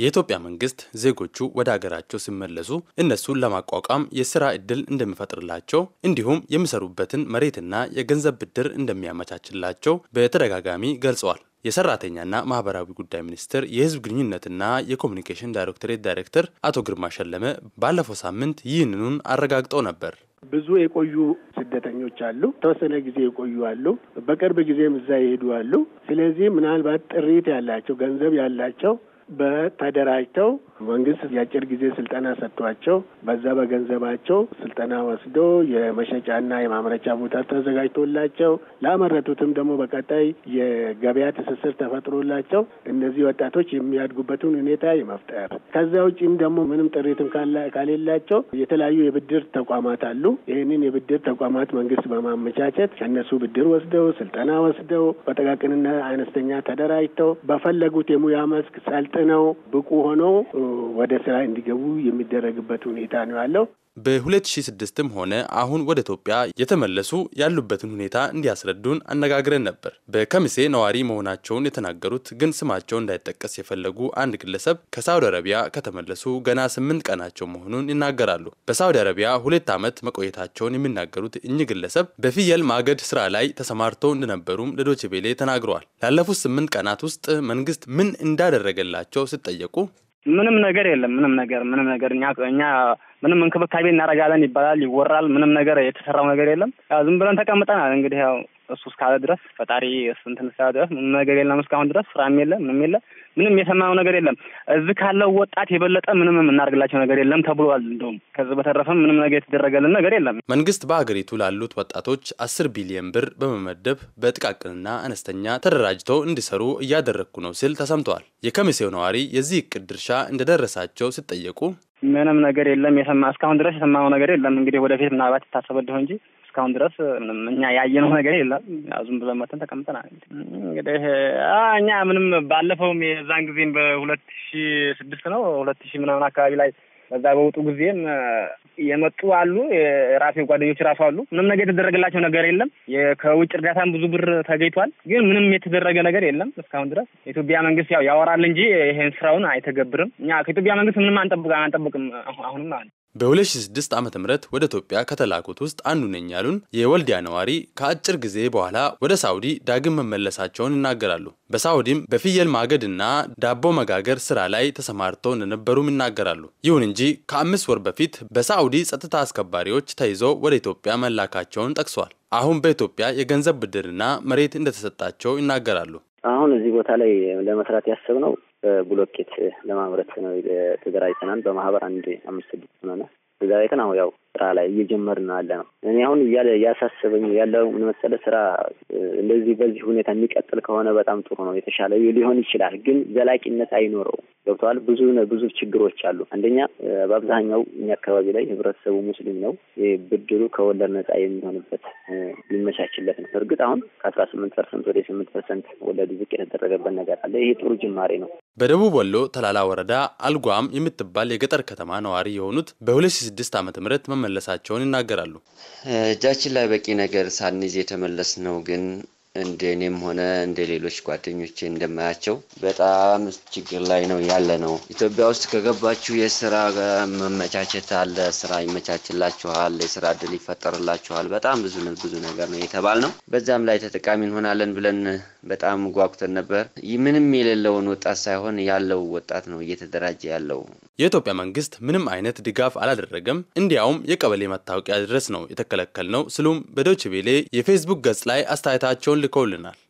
የኢትዮጵያ መንግስት ዜጎቹ ወደ ሀገራቸው ሲመለሱ እነሱን ለማቋቋም የስራ እድል እንደሚፈጥርላቸው እንዲሁም የሚሰሩበትን መሬትና የገንዘብ ብድር እንደሚያመቻችላቸው በተደጋጋሚ ገልጸዋል። የሰራተኛና ማህበራዊ ጉዳይ ሚኒስቴር የህዝብ ግንኙነትና የኮሚኒኬሽን ዳይሬክቶሬት ዳይሬክተር አቶ ግርማ ሸለመ ባለፈው ሳምንት ይህንኑን አረጋግጠው ነበር። ብዙ የቆዩ ስደተኞች አሉ። ተወሰነ ጊዜ የቆዩ አሉ። በቅርብ ጊዜም እዛ ይሄዱ አሉ። ስለዚህ ምናልባት ጥሪት ያላቸው ገንዘብ ያላቸው በተደራጅተው መንግስት የአጭር ጊዜ ስልጠና ሰጥቷቸው በዛ በገንዘባቸው ስልጠና ወስዶ የመሸጫና የማምረቻ ቦታ ተዘጋጅቶላቸው ላመረቱትም ደግሞ በቀጣይ የገበያ ትስስር ተፈጥሮላቸው እነዚህ ወጣቶች የሚያድጉበትን ሁኔታ የመፍጠር ከዛ ውጭም ደግሞ ምንም ጥሪትም ካሌላቸው የተለያዩ የብድር ተቋማት አሉ። ይህንን የብድር ተቋማት መንግስት በማመቻቸት ከእነሱ ብድር ወስደው ስልጠና ወስደው በጠቃቅንና አነስተኛ ተደራጅተው በፈለጉት የሙያ መስክ ሰልጥነው ብቁ ሆነው ወደ ስራ እንዲገቡ የሚደረግበት ሁኔታ ነው ያለው። በ2006ም ሆነ አሁን ወደ ኢትዮጵያ የተመለሱ ያሉበትን ሁኔታ እንዲያስረዱን አነጋግረን ነበር። በከሚሴ ነዋሪ መሆናቸውን የተናገሩት ግን ስማቸው እንዳይጠቀስ የፈለጉ አንድ ግለሰብ ከሳውዲ አረቢያ ከተመለሱ ገና ስምንት ቀናቸው መሆኑን ይናገራሉ። በሳውዲ አረቢያ ሁለት ዓመት መቆየታቸውን የሚናገሩት እኚህ ግለሰብ በፍየል ማገድ ስራ ላይ ተሰማርተው እንደነበሩም ለዶችቤሌ ተናግረዋል። ላለፉት ስምንት ቀናት ውስጥ መንግስት ምን እንዳደረገላቸው ሲጠየቁ ምንም ነገር የለም። ምንም ነገር ምንም ነገር እኛ እኛ ምንም እንክብካቤ እናደርጋለን ይባላል ይወራል። ምንም ነገር የተሰራው ነገር የለም። ያው ዝም ብለን ተቀምጠናል። እንግዲህ ያው እሱ እስካለ ድረስ ፈጣሪ እንትን እስካለ ድረስ ምንም ነገር የለም። እስካሁን ድረስ ስራም የለ ምንም የለ ምንም የሰማነው ነገር የለም። እዚህ ካለው ወጣት የበለጠ ምንም የምናደርግላቸው ነገር የለም ተብሏል። እንደውም ከዚህ በተረፈም ምንም ነገር የተደረገልን ነገር የለም። መንግስት በሀገሪቱ ላሉት ወጣቶች አስር ቢሊየን ብር በመመደብ በጥቃቅንና አነስተኛ ተደራጅተው እንዲሰሩ እያደረግኩ ነው ሲል ተሰምተዋል። የከሚሴው ነዋሪ የዚህ እቅድ ድርሻ እንደደረሳቸው ሲጠየቁ ምንም ነገር የለም። የሰማ እስካሁን ድረስ የሰማነው ነገር የለም። እንግዲህ ወደፊት ምናልባት ይታሰብ እንጂ እስካሁን ድረስ እኛ ያየነው ነገር የለም። ዝም ብለን መተን ተቀምጠናል። እንግዲህ እኛ ምንም ባለፈውም የዛን ጊዜም በሁለት ሺ ስድስት ነው ሁለት ሺ ምናምን አካባቢ ላይ በዛ በውጡ ጊዜም የመጡ አሉ። የራሴ ጓደኞች ራሱ አሉ። ምንም ነገር የተደረገላቸው ነገር የለም። ከውጭ እርዳታም ብዙ ብር ተገኝቷል፣ ግን ምንም የተደረገ ነገር የለም እስካሁን ድረስ። የኢትዮጵያ መንግስት ያው ያወራል እንጂ ይሄን ስራውን አይተገብርም። እኛ ከኢትዮጵያ መንግስት ምንም አንጠብቅ አንጠብቅም አሁንም ማለት በ2006 ዓ ም ወደ ኢትዮጵያ ከተላኩት ውስጥ አንዱ ነኝ ያሉን የወልዲያ ነዋሪ ከአጭር ጊዜ በኋላ ወደ ሳውዲ ዳግም መመለሳቸውን ይናገራሉ። በሳውዲም በፍየል ማገድና ዳቦ መጋገር ስራ ላይ ተሰማርተው እንደነበሩም ይናገራሉ። ይሁን እንጂ ከአምስት ወር በፊት በሳውዲ ጸጥታ አስከባሪዎች ተይዘው ወደ ኢትዮጵያ መላካቸውን ጠቅሷል። አሁን በኢትዮጵያ የገንዘብ ብድርና መሬት እንደተሰጣቸው ይናገራሉ። አሁን እዚህ ቦታ ላይ ለመስራት ያስብ ነው በብሎኬት ለማምረት ነው ተደራጅተናል። በማህበር አንድ አምስት ስድስት ሆነ ተደራጅተን አሁን ያው ስራ ላይ እየጀመርን ነው ያለ ነው። እኔ አሁን እያለ እያሳሰበኝ ያለው ምን መሰለህ፣ ስራ እንደዚህ በዚህ ሁኔታ የሚቀጥል ከሆነ በጣም ጥሩ ነው፣ የተሻለ ሊሆን ይችላል። ግን ዘላቂነት አይኖረውም። ገብተዋል። ብዙ ብዙ ችግሮች አሉ። አንደኛ በአብዛኛው እኛ አካባቢ ላይ ህብረተሰቡ ሙስሊም ነው። ብድሩ ከወለድ ነጻ የሚሆንበት ሊመቻችለት ነው። እርግጥ አሁን ከአስራ ስምንት ፐርሰንት ወደ ስምንት ፐርሰንት ወለዱ ዝቅ የተደረገበት ነገር አለ። ይሄ ጥሩ ጅማሬ ነው። በደቡብ ወሎ ተላላ ወረዳ አልጓም የምትባል የገጠር ከተማ ነዋሪ የሆኑት በ2006 ዓ ም መመለሳቸውን ይናገራሉ። እጃችን ላይ በቂ ነገር ሳንይዝ የተመለስ ነው ግን እንደ እኔም ሆነ እንደ ሌሎች ጓደኞቼ እንደማያቸው በጣም ችግር ላይ ነው ያለ ነው። ኢትዮጵያ ውስጥ ከገባችሁ የስራ መመቻቸት አለ፣ ስራ ይመቻችላችኋል፣ የስራ እድል ይፈጠርላችኋል። በጣም ብዙ ብዙ ነገር ነው የተባል ነው። በዛም ላይ ተጠቃሚ እንሆናለን ብለን በጣም ጓጉተን ነበር። ምንም የሌለውን ወጣት ሳይሆን ያለው ወጣት ነው እየተደራጀ ያለው። የኢትዮጵያ መንግስት ምንም አይነት ድጋፍ አላደረገም። እንዲያውም የቀበሌ መታወቂያ ድረስ ነው የተከለከል ነው ስሉም በዶችቤሌ የፌስቡክ ገጽ ላይ አስተያየታቸውን til kólina